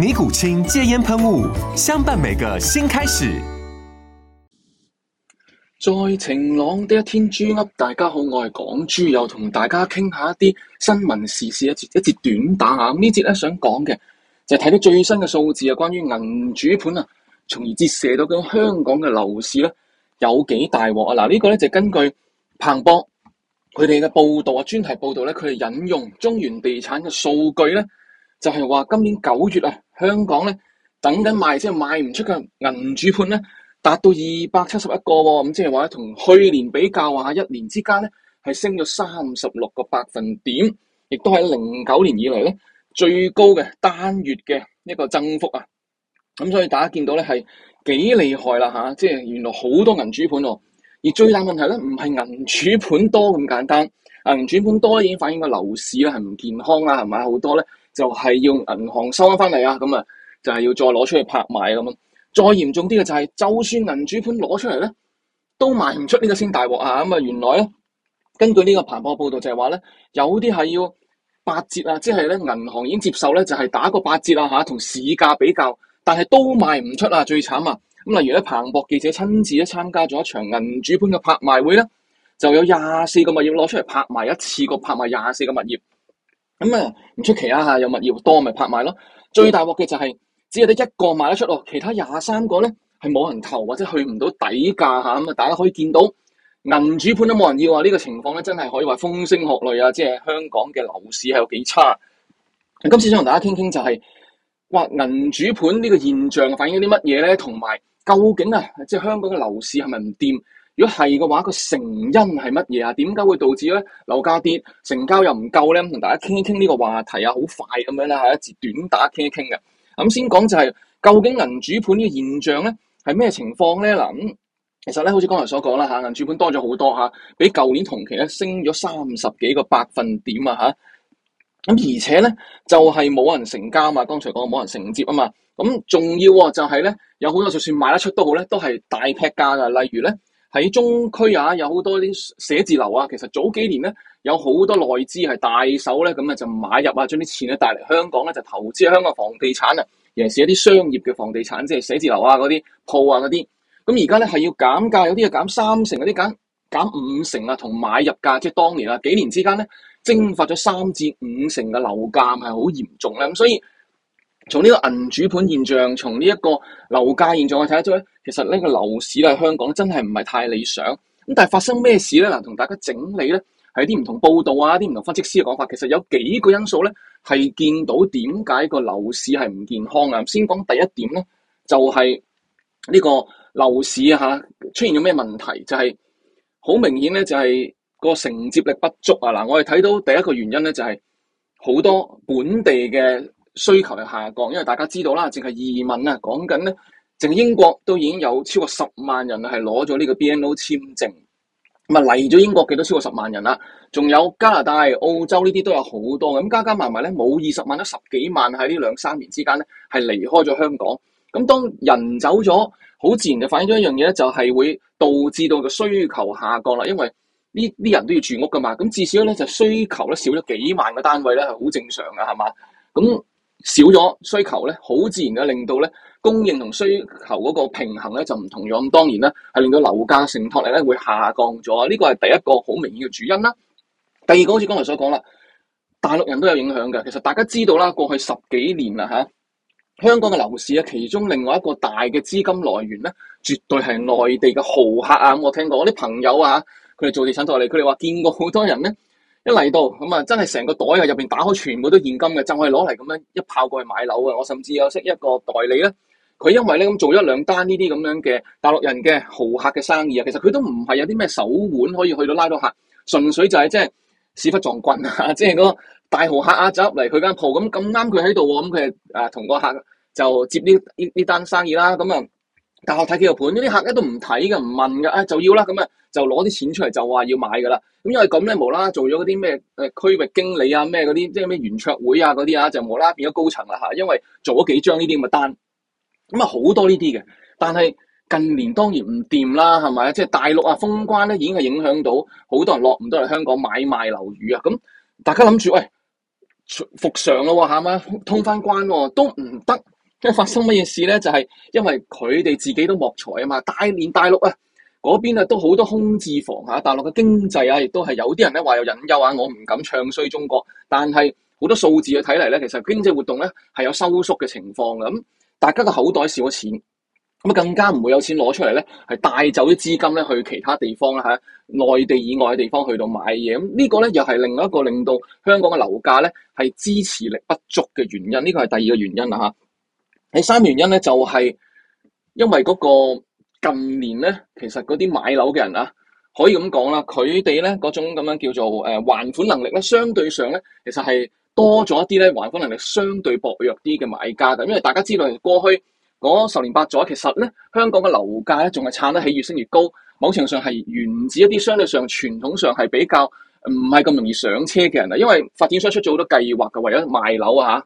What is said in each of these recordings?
尼古清戒煙噴霧，相伴每個新開始。在晴朗的一天，豬噏大家好，我係港豬，又同大家傾下一啲新聞時事，一節一節短打吓。咁呢節咧想講嘅就係睇到最新嘅數字啊，關於銀主盤啊，從而折射到緊香港嘅樓市咧有幾大鑊啊！嗱、啊，這個、呢個咧就是、根據彭博佢哋嘅報道啊，專題報道咧，佢哋引用中原地產嘅數據咧。就係話今年九月啊，香港咧等緊賣，即係賣唔出嘅銀主盤咧，達到二百七十一個喎、哦。咁即係話同去年比較話，一年之間咧係升咗三十六個百分點，亦都係零九年以嚟咧最高嘅單月嘅一個增幅啊。咁、嗯、所以大家見到咧係幾厲害啦嚇、啊，即係原來好多銀主盤喎、哦。而最大問題咧唔係銀主盤多咁簡單。銀主盤多已經反映個樓市咧係唔健康啦，係咪好多咧就係、是、要銀行收翻翻嚟啊，咁啊就係要再攞出去拍賣咁咯。再嚴重啲嘅就係、是，就算銀主盤攞出嚟咧，都賣唔出呢個先大鑊啊！咁、嗯、啊，原來咧根據呢個彭博報道就係話咧，有啲係要八折啊，即係咧銀行已經接受咧，就係打個八折啊。吓，同市價比較，但係都賣唔出最慘啊！最慘啊！咁例如咧，彭博記者親自咧參加咗一場銀主盤嘅拍賣會咧。就有廿四個物業攞出嚟，拍賣，一次過拍賣廿四個物業，咁啊唔出奇啊吓，有物業多咪拍賣咯。嗯、最大鑊嘅就係、是、只係得一個賣得出咯，其他廿三個咧係冇人投或者去唔到底價吓，咁、嗯、啊大家可以見到銀主盤都冇人要啊，呢、這個情況咧真係可以話風聲鶴唳啊，即係香港嘅樓市係有幾差。今、嗯、次想同大家傾傾就係、是、挖銀主盤呢個現象反映啲乜嘢咧，同埋究竟啊即係香港嘅樓市係咪唔掂？如果係嘅話，個成因係乜嘢啊？點解會導致咧樓價跌、成交又唔夠咧？同大家傾一傾呢個話題啊，好快咁樣啦，係一節短打傾一傾嘅。咁先講就係、是、究竟銀主盤嘅現象咧係咩情況咧？嗱，其實咧，好似剛才所講啦嚇，銀主盤多咗好多嚇，比舊年同期咧升咗三十幾個百分點啊嚇。咁而且咧就係、是、冇人成交啊嘛，剛才講冇人承接啊嘛。咁仲要喎，就係咧有好多就算賣得出都好咧，都係大劈價呀。例如咧。喺中區啊，有好多啲寫字樓啊。其實早幾年咧，有好多內資係大手咧，咁啊就買入啊，將啲錢咧帶嚟香港咧，就投資香港房地產啊，尤其是一啲商業嘅房地產，即係寫字樓啊嗰啲鋪啊嗰啲。咁而家咧係要減價，有啲啊減三成，有啲減減，減五成啊。同買入價即係當年啊幾年之間咧，蒸發咗三至五成嘅樓價係好嚴重啦。咁所以。從呢個銀主盤現象，從呢一個樓價現象，去睇得出咧，其實呢個樓市咧，香港真係唔係太理想。咁但係發生咩事咧？嗱，同大家整理咧，係啲唔同報道啊，啲唔同分析師嘅講法，其實有幾個因素咧，係見到點解個樓市係唔健康啊？先講第一點咧，就係呢個樓市嚇出現咗咩問題？就係好明顯咧，就係個承接力不足啊！嗱，我哋睇到第一個原因咧，就係好多本地嘅。需求係下降，因為大家知道啦，淨係移民啊，講緊咧，淨英國都已經有超過十萬人係攞咗呢個 BNO 簽證，咁啊嚟咗英國嘅都超過十萬人啦，仲有加拿大、澳洲呢啲都有好多，咁加加埋埋咧，冇二十萬都十幾萬喺呢兩三年之間咧係離開咗香港，咁當人走咗，好自然就反映咗一樣嘢咧，就係會導致到個需求下降啦，因為呢啲人都要住屋噶嘛，咁至少咧就需求咧少咗幾萬個單位咧係好正常噶，係嘛，咁。少咗需求咧，好自然嘅令到咧供應同需求嗰個平衡咧就唔同樣，咁當然啦，係令到樓價承托力咧會下降咗，呢個係第一個好明顯嘅主因啦。第二個好似剛才所講啦，大陸人都有影響嘅。其實大家知道啦，過去十幾年啦吓，香港嘅樓市啊，其中另外一個大嘅資金來源咧，絕對係內地嘅豪客啊。我聽過啲朋友啊，佢哋做地產代理，佢哋話見過好多人咧。一嚟到咁啊，真係成個袋啊，入面打開全部都現金嘅，就可以攞嚟咁樣一炮過去買樓啊！我甚至有識一個代理咧，佢因為咧咁做一兩單呢啲咁樣嘅大陸人嘅豪客嘅生意啊，其實佢都唔係有啲咩手腕可以去到拉到客，純粹就係即係屎忽撞棍啊！即係嗰個大豪客啊，走入嚟佢間鋪咁，咁啱佢喺度喎，咁佢啊同個客就接呢呢單生意啦，咁啊。大學睇企個盤，嗰啲客人都唔睇嘅，唔問嘅，啊、哎、就要啦咁啊，就攞啲錢出嚟就話要買嘅啦。咁因為咁咧，無啦，啦做咗嗰啲咩誒區域經理啊，咩嗰啲，即係咩圓桌會啊嗰啲啊，就無啦啦變咗高層啦吓，因為做咗幾張呢啲咁嘅單，咁啊好多呢啲嘅。但係近年當然唔掂啦，係咪、就是、啊？即係大陸啊封關咧，已經係影響到好多人落唔到嚟香港買賣樓宇啊。咁大家諗住喂，復常啦喎，係咪，通翻關喎，都唔得。即係發生乜嘢事咧？就係、是、因為佢哋自己都莫財啊嘛！大連、大陸啊，嗰邊啊都好多空置房嚇、啊。大陸嘅經濟啊，亦都係有啲人咧話有隱憂啊。我唔敢唱衰中國，但係好多數字去睇嚟咧，其實經濟活動咧係有收縮嘅情況嘅。咁、嗯、大家嘅口袋少咗錢，咁啊更加唔會有錢攞出嚟咧，係帶走啲資金咧去其他地方啦、啊、內內地以外嘅地方去到買嘢，咁、嗯這個、呢個咧又係另外一個令到香港嘅樓價咧係支持力不足嘅原因。呢個係第二個原因啦、啊。第三原因呢，就係因為嗰個近年呢，其實嗰啲買樓嘅人啊，可以咁講啦，佢哋呢嗰種咁樣叫做誒、呃、還款能力咧，相對上咧，其實係多咗一啲咧，還款能力相對薄弱啲嘅買家㗎。因為大家知道，過去嗰十年八載，其實咧香港嘅樓價咧，仲係撐得起，越升越高。某程度上係源自一啲相對上傳統上係比較唔係咁容易上車嘅人啊。因為發展商出咗好多計劃㗎，為咗賣樓啊。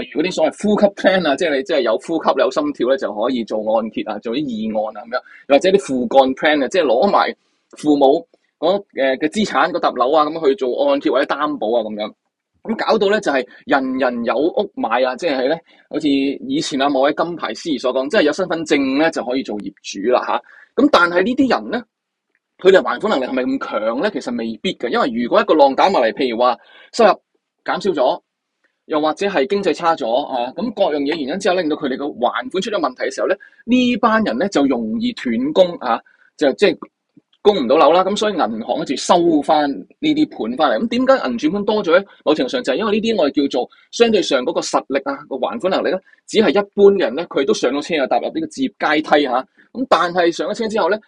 例如嗰啲所謂呼吸 plan 啊，即係你即係有呼吸、有心跳咧，就可以做按揭啊，做啲二按啊咁樣，或者啲父幹 plan 嘅，即係攞埋父母嗰嘅資產、個揼樓啊咁去做按揭或者擔保啊咁樣，咁搞到咧就係人人有屋買啊！即係咧，好似以前啊某位金牌司儀所講，即係有身份證咧就可以做業主啦嚇。咁但係呢啲人咧，佢哋還款能力係咪咁強咧？其實未必嘅，因為如果一個浪打埋嚟，譬如話收入減少咗。又或者係經濟差咗啊，咁各樣嘢原因之後令到佢哋個還款出咗問題嘅時候咧，呢班人咧就容易斷供啊，就即係、就是、供唔到樓啦。咁、啊、所以銀行一直收翻呢啲盤翻嚟。咁點解銀主盤多咗咧？某程度上就係因為呢啲我哋叫做相對上嗰個實力啊、個還款能力咧，只係一般嘅人咧，佢都上咗車就啊，踏入呢個置業階梯啊。咁但係上咗車之後咧，誒、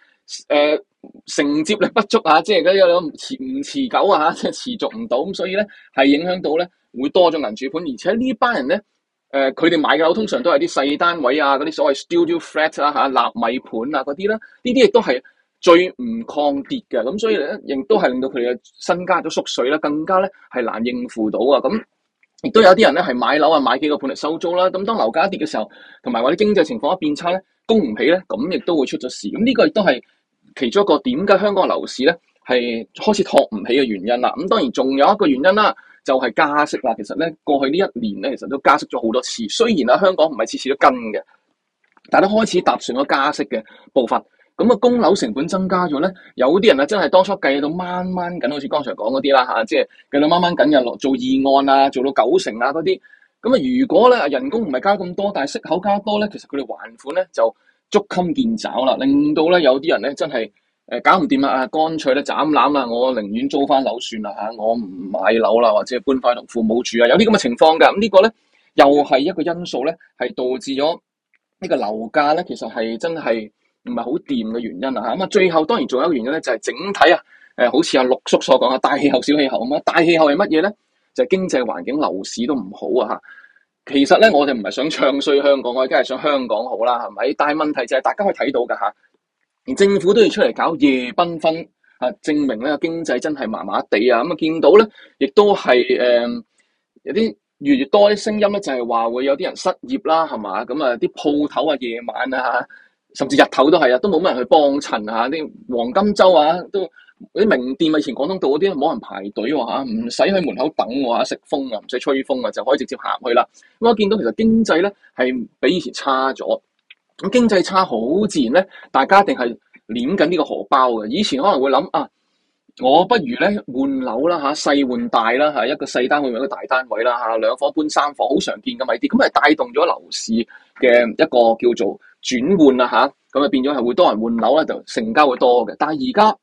呃。承接力不足啊，即係而家有有唔唔持久啊，即係持續唔到，咁所以咧係影響到咧會多咗銀主盤，而且呢班人咧誒佢哋買嘅樓通常都係啲細單位啊，嗰啲所謂 studio flat 啦嚇、納米盤啊嗰啲啦，呢啲亦都係最唔抗跌嘅，咁所以咧亦都係令到佢哋嘅身家都縮水啦，更加咧係難應付到啊，咁亦都有啲人咧係買樓啊買幾個盤嚟收租啦，咁當樓價跌嘅時候，同埋或者經濟情況一變差咧供唔起咧，咁亦都會出咗事，咁呢個亦都係。其中一個點解香港樓市咧係開始托唔起嘅原因啦，咁當然仲有一個原因啦，就係、是、加息啦。其實咧過去呢一年咧，其實都加息咗好多次。雖然喺、啊、香港唔係次次都跟嘅，但是但係都開始踏上咗加息嘅步伐。咁、嗯、啊，供樓成本增加咗咧，有啲人啊真係當初計到掹掹緊，好似剛才講嗰啲啦嚇，即係計到掹掹緊嘅落做議案啊，做到九成啊嗰啲。咁、嗯、啊，如果咧人工唔係加咁多，但係息口加多咧，其實佢哋還款咧就，捉襟見肘啦，令到咧有啲人咧真係誒搞唔掂啦，啊，乾脆咧斬纜啦，我寧願租返樓算啦吓，我唔買樓啦，或者搬返同父母住啊，有啲咁嘅情況噶。咁、這個、呢個咧又係一個因素咧，係導致咗呢個樓價咧，其實係真係唔係好掂嘅原因啊。咁啊，最後當然仲有一個原因咧，就係整體啊，誒，好似阿陸叔所講啊，大氣候、小氣候啊嘛。大氣候係乜嘢咧？就係、是、經濟環境、樓市都唔好啊吓。其實咧，我哋唔係想唱衰香港，我而家係想香港好啦，係咪？但係問題就係大家可以睇到㗎。吓，連政府都要出嚟搞夜繽紛啊，證明咧個經濟真係麻麻地啊！咁啊，見到咧，亦都係誒有啲越越多啲聲音咧，就係話會有啲人失業啦，係嘛？咁啊，啲鋪頭啊，夜晚啊，甚至日頭都係啊，都冇乜人去幫襯嚇，啲黃金周啊都。啲名店咪以前廣東道嗰啲，冇人排隊喎嚇，唔使喺門口等喎嚇，食風啊，唔使吹風啊，就可以直接行去啦。咁我見到其實經濟咧係比以前差咗，咁經濟差好自然咧，大家一定係攬緊呢個荷包嘅。以前可能會諗啊，我不如咧換樓啦嚇，細換大啦嚇，一個細單位換一個大單位啦嚇，兩房搬三房，好常見嘅咪啲，咁係帶動咗樓市嘅一個叫做轉換啦嚇，咁啊變咗係會多人換樓咧，就成交會多嘅，但係而家。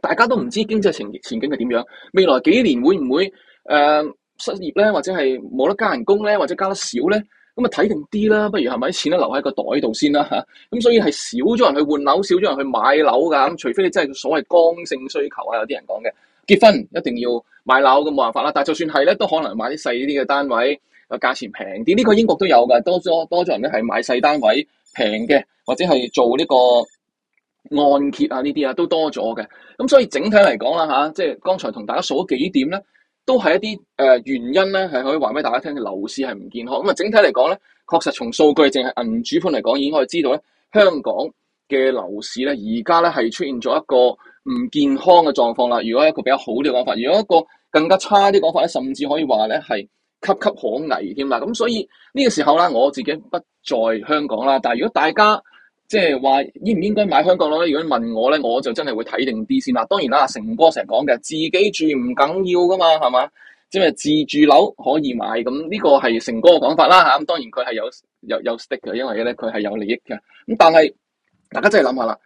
大家都唔知經濟情前景係點樣，未來幾年會唔會誒、呃、失業咧，或者係冇得加人工咧，或者加得少咧？咁啊睇定啲啦，不如係咪啲錢都留喺個袋度先啦？嚇！咁所以係少咗人去換樓，少咗人去買樓㗎。咁除非你真係所謂剛性需求啊，有啲人講嘅。結婚一定要買樓，咁冇辦法啦。但就算係咧，都可能買啲細啲嘅單位，個價錢平啲。呢、這個英國都有㗎，多咗多咗人咧係買細單位平嘅，或者係做呢、這個，按揭啊呢啲啊都多咗嘅，咁所以整體嚟講啦吓，即係剛才同大家數咗幾點咧，都係一啲誒、呃、原因咧，係可以話俾大家聽，樓市係唔健康。咁、嗯、啊，整體嚟講咧，確實從數據淨係銀主盤嚟講，已經可以知道咧，香港嘅樓市咧而家咧係出現咗一個唔健康嘅狀況啦。如果一個比較好啲嘅講法，如果一個更加差啲講法咧，甚至可以話咧係岌岌可危添啦。咁所以呢個時候啦，我自己不在香港啦，但係如果大家，即係話應唔應該買香港樓咧？如果問我咧，我就真係會睇定啲先啦。當然啦，成哥成日講嘅自己住唔緊要噶嘛，係嘛？即係自住樓可以買，咁呢個係成哥嘅講法啦吓。咁當然佢係有有有 stick 嘅，因為咧佢係有利益嘅。咁但係大家真係諗下啦，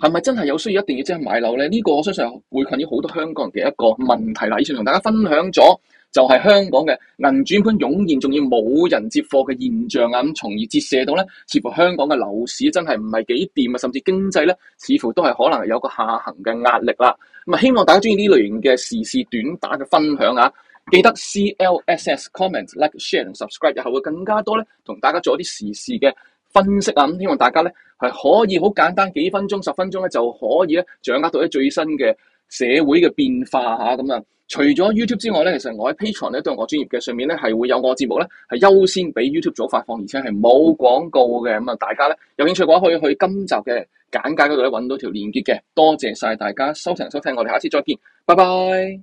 係咪真係有需要一定要即係買樓咧？呢個我相信會困擾好多香港人嘅一個問題啦。以上同大家分享咗。就係香港嘅銀主盤湧現仲要冇人接貨嘅現象啊！咁，從而折射到咧，似乎香港嘅樓市真係唔係幾掂啊！甚至經濟咧，似乎都係可能有個下行嘅壓力啦。咁啊，希望大家鍾意呢類型嘅時事短打嘅分享啊！記得 C L S S comment like share 同 subscribe，日後會更加多咧，同大家做一啲時事嘅分析啊！咁希望大家咧係可以好簡單幾分鐘、十分鐘咧就可以咧掌握到一最新嘅社會嘅變化咁啊！除咗 YouTube 之外呢，其實我喺 Patreon 都有我專業嘅，上面呢係會有我節目呢係優先俾 YouTube 做發放，而且係冇廣告嘅。咁啊，大家呢有興趣嘅話，可以去今集嘅簡介嗰度揾到條連結嘅。多謝晒大家收聽收聽，我哋下次再見，拜拜。